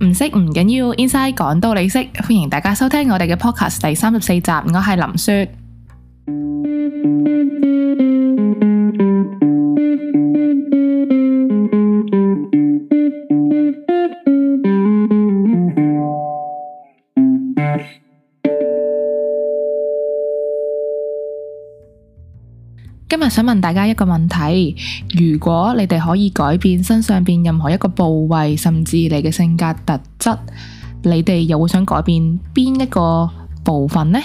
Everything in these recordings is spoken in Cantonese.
唔識唔緊要，Inside 講到你識，歡迎大家收聽我哋嘅 podcast 第三十四集，我係林雪。想問大家一個問題：如果你哋可以改變身上邊任何一個部位，甚至你嘅性格特質，你哋又會想改變邊一個部分呢？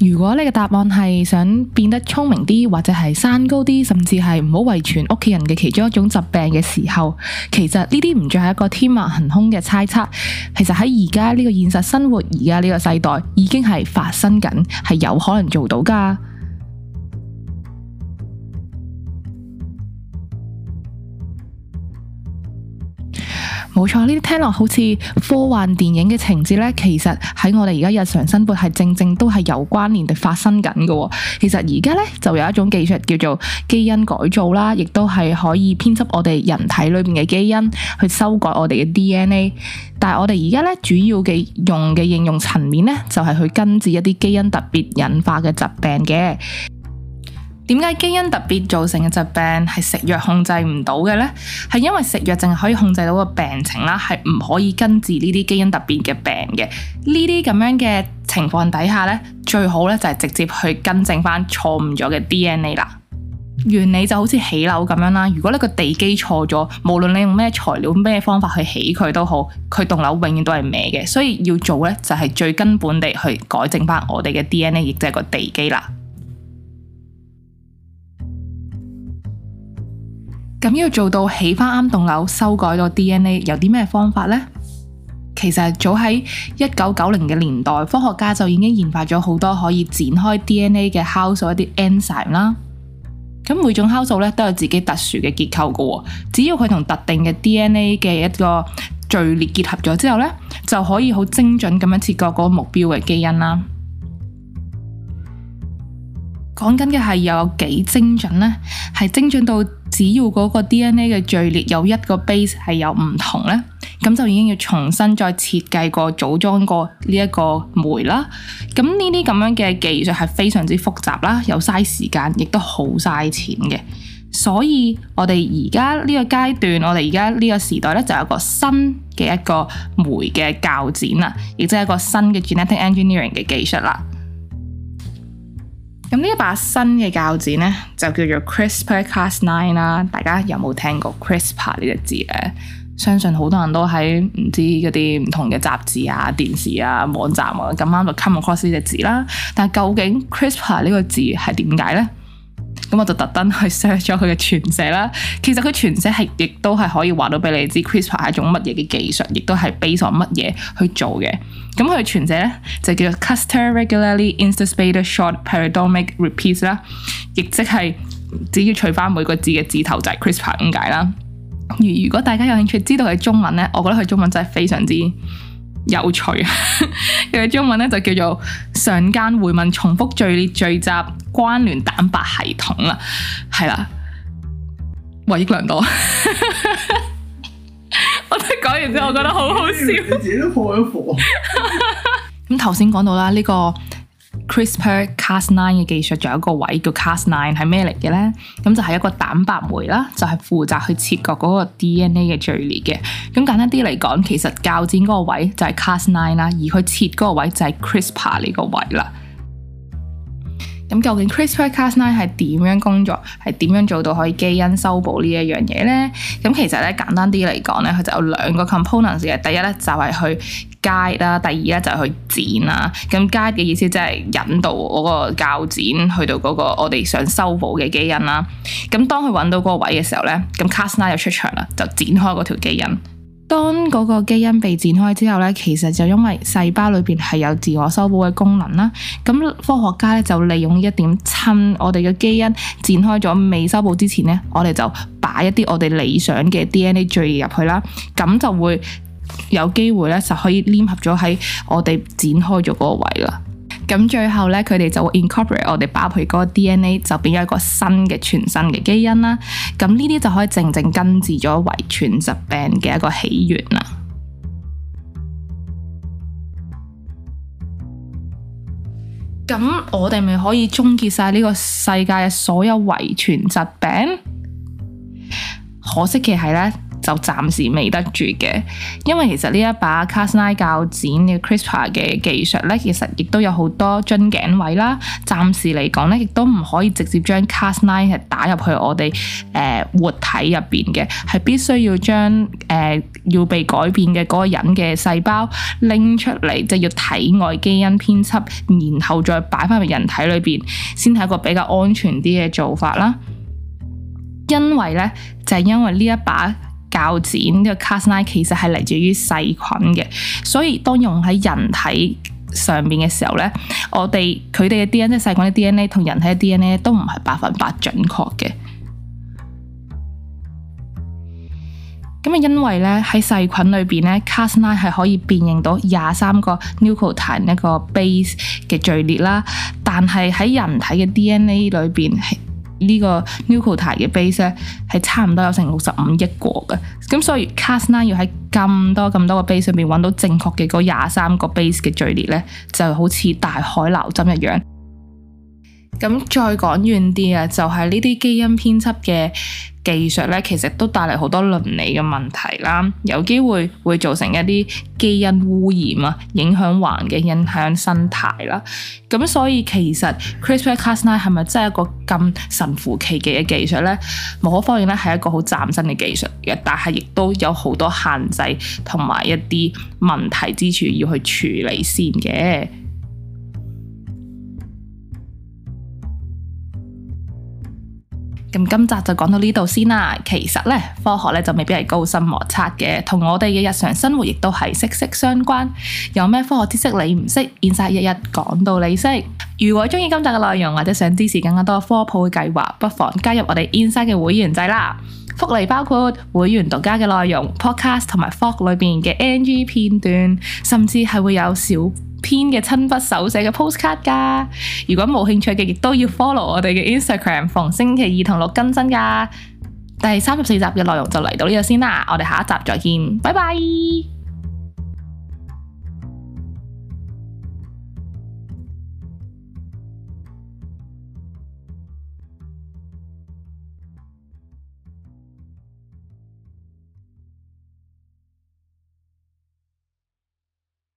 如果你嘅答案係想變得聰明啲，或者係生高啲，甚至係唔好遺傳屋企人嘅其中一種疾病嘅時候，其實呢啲唔再係一個天馬行空嘅猜測。其實喺而家呢個現實生活，而家呢個世代已經係發生緊，係有可能做到㗎。冇錯，呢啲聽落好似科幻電影嘅情節呢，其實喺我哋而家日常生活係正正都係有關聯地發生緊嘅哦。其實而家呢，就有一種技術叫做基因改造啦，亦都係可以編輯我哋人體裏面嘅基因去修改我哋嘅 DNA。但係我哋而家呢，主要嘅用嘅應用層面呢，就係去根治一啲基因特別引發嘅疾病嘅。點解基因突變造成嘅疾病係食藥控制唔到嘅呢？係因為食藥淨係可以控制到個病情啦，係唔可以根治呢啲基因突變嘅病嘅。呢啲咁樣嘅情況底下呢，最好咧就係直接去更正翻錯誤咗嘅 DNA 啦。原理就好似起樓咁樣啦，如果你個地基錯咗，無論你用咩材料、咩方法去起佢都好，佢棟樓永遠都係歪嘅。所以要做呢，就係最根本地去改正翻我哋嘅 DNA，亦即係個地基啦。咁要做到起翻啱棟樓，修改咗 DNA，有啲咩方法呢？其實早喺一九九零嘅年代，科學家就已經研發咗好多可以展開 DNA 嘅酵素，一啲 enzyme 啦。咁每種酵素咧都有自己特殊嘅結構噶，只要佢同特定嘅 DNA 嘅一個序列結合咗之後呢，就可以好精準咁樣切割嗰個目標嘅基因啦。講緊嘅係有幾精準呢？係精準到？只要嗰個 DNA 嘅序列有一個 base 係有唔同咧，咁就已經要重新再設計個組裝過個呢一個酶啦。咁呢啲咁樣嘅技術係非常之複雜啦，又嘥時間，亦都好嘥錢嘅。所以我哋而家呢個階段，我哋而家呢個時代咧，就有個新嘅一個酶嘅鉸剪啦，亦即係一個新嘅 genetic engineering 嘅技術啦。咁呢、嗯、一把新嘅鉸剪咧，就叫做 CRISPR-Cas9 啦、啊。大家有冇聽過 CRISPR 呢個字咧？相信好多人都喺唔知嗰啲唔同嘅雜誌啊、電視啊、網站啊咁啱就 come across 呢隻字啦。但係究竟 CRISPR 呢個字係點解咧？咁我就特登去 search 咗佢嘅全寫啦。其實佢全寫係亦都係可以話到俾你知 CRISPR 係一種乜嘢嘅技術，亦都係 base 上乜嘢去做嘅。咁佢全寫咧就叫做 clustered regularly interspaced short palindromic repeats 啦，亦即係只要取返每個字嘅字頭就係、是、CRISPR 咁解啦。而如果大家有興趣知道嘅中文咧，我覺得佢中文真係非常之～有趣嘅 中文咧就叫做上間回文重複序列聚集關聯蛋白系統啦，係啦，哇益良多， 我即係講完之後我覺得好好笑，自己都破咗火。咁頭先講到啦、這、呢個。CRISPR-Cas9 嘅技術仲有一個位叫 Cas9 係咩嚟嘅咧？咁就係一個蛋白酶啦，就係、是、負責去切割嗰個 DNA 嘅序列嘅。咁簡單啲嚟講，其實較剪嗰個位就係 Cas9 啦，而佢切嗰個位就係 CRISPR 呢個位啦。咁究竟 CRISPR-Cas9 係點樣工作？係點樣做到可以基因修補呢一樣嘢咧？咁其實咧，簡單啲嚟講咧，佢就有兩個 components 嘅。第一咧就係、是、去 guide 啦，第二咧就係、是、去剪啦。咁 guide 嘅意思即係引導嗰個鉸剪去到嗰個我哋想修補嘅基因啦。咁當佢揾到嗰個位嘅時候咧，咁 Cas9 就出場啦，就剪開嗰條基因。當嗰個基因被剪開之後咧，其實就因為細胞裏邊係有自我修補嘅功能啦，咁科學家咧就利用一點趁我哋嘅基因剪開咗未修補之前咧，我哋就擺一啲我哋理想嘅 DNA 聚入去啦，咁就會有機會咧就可以黏合咗喺我哋剪開咗嗰個位啦。咁最後呢，佢哋就會 incorporate 我哋把佢嗰個 DNA，就變咗一個新嘅全新嘅基因啦。咁呢啲就可以靜靜根治咗遺傳疾病嘅一個起源啦。咁 我哋咪可以終結曬呢個世界嘅所有遺傳疾病？可惜嘅係呢。就暫時未得住嘅，因為其實呢一把 Cas9 鉸剪嘅 CRISPR 嘅技術咧，其實亦都有好多樽頸位啦。暫時嚟講咧，亦都唔可以直接將 Cas9 係打入去我哋誒、呃、活體入邊嘅，係必須要將誒、呃、要被改變嘅嗰個人嘅細胞拎出嚟，即、就、係、是、要體外基因編輯，然後再擺翻入人體裏邊，先係一個比較安全啲嘅做法啦。因為咧，就係、是、因為呢一把。鉸剪呢、這個 Cas9 其實係嚟自於細菌嘅，所以當用喺人體上邊嘅時候咧，我哋佢哋嘅 DNA 即細菌嘅 DNA 同人體嘅 DNA 都唔係百分百準確嘅。咁啊，因為咧喺細菌裏邊咧，Cas9 係可以辨認到廿三個 nucleotide 一個 base 嘅序列啦，但係喺人體嘅 DNA 裏邊呢個 nucleotide 嘅 base 咧，係差唔多有成六十五億個嘅，咁所以 Cas9 要喺咁多咁多個 base 上面揾到正確嘅嗰廿三個 base 嘅序列咧，就好似大海撈針一樣。咁再講遠啲啊，就係呢啲基因編輯嘅技術咧，其實都帶嚟好多倫理嘅問題啦，有機會會造成一啲基因污染啊，影響環境，影響生態啦。咁所以其實 CRISPR-Cas9 係咪真係一個咁神乎其技嘅技術咧？無可否認咧，係一個好嶄新嘅技術嘅，但係亦都有好多限制同埋一啲問題之處要去處理先嘅。咁今集就講到呢度先啦。其實呢，科學呢就未必係高深莫測嘅，同我哋嘅日常生活亦都係息息相關。有咩科學知識你唔識 e n 日日講到你識。如果中意今集嘅內容，或者想支持更加多科普嘅計劃，不妨加入我哋 e n 嘅會員制啦。福利包括會員獨家嘅內容、podcast 同埋 Folk 裏邊嘅 NG 片段，甚至係會有小。編嘅親筆手寫嘅 postcard 㗎，如果冇興趣嘅，亦都要 follow 我哋嘅 Instagram，逢星期二同六更新㗎。第三十四集嘅內容就嚟到呢度先啦，我哋下一集再見，拜拜。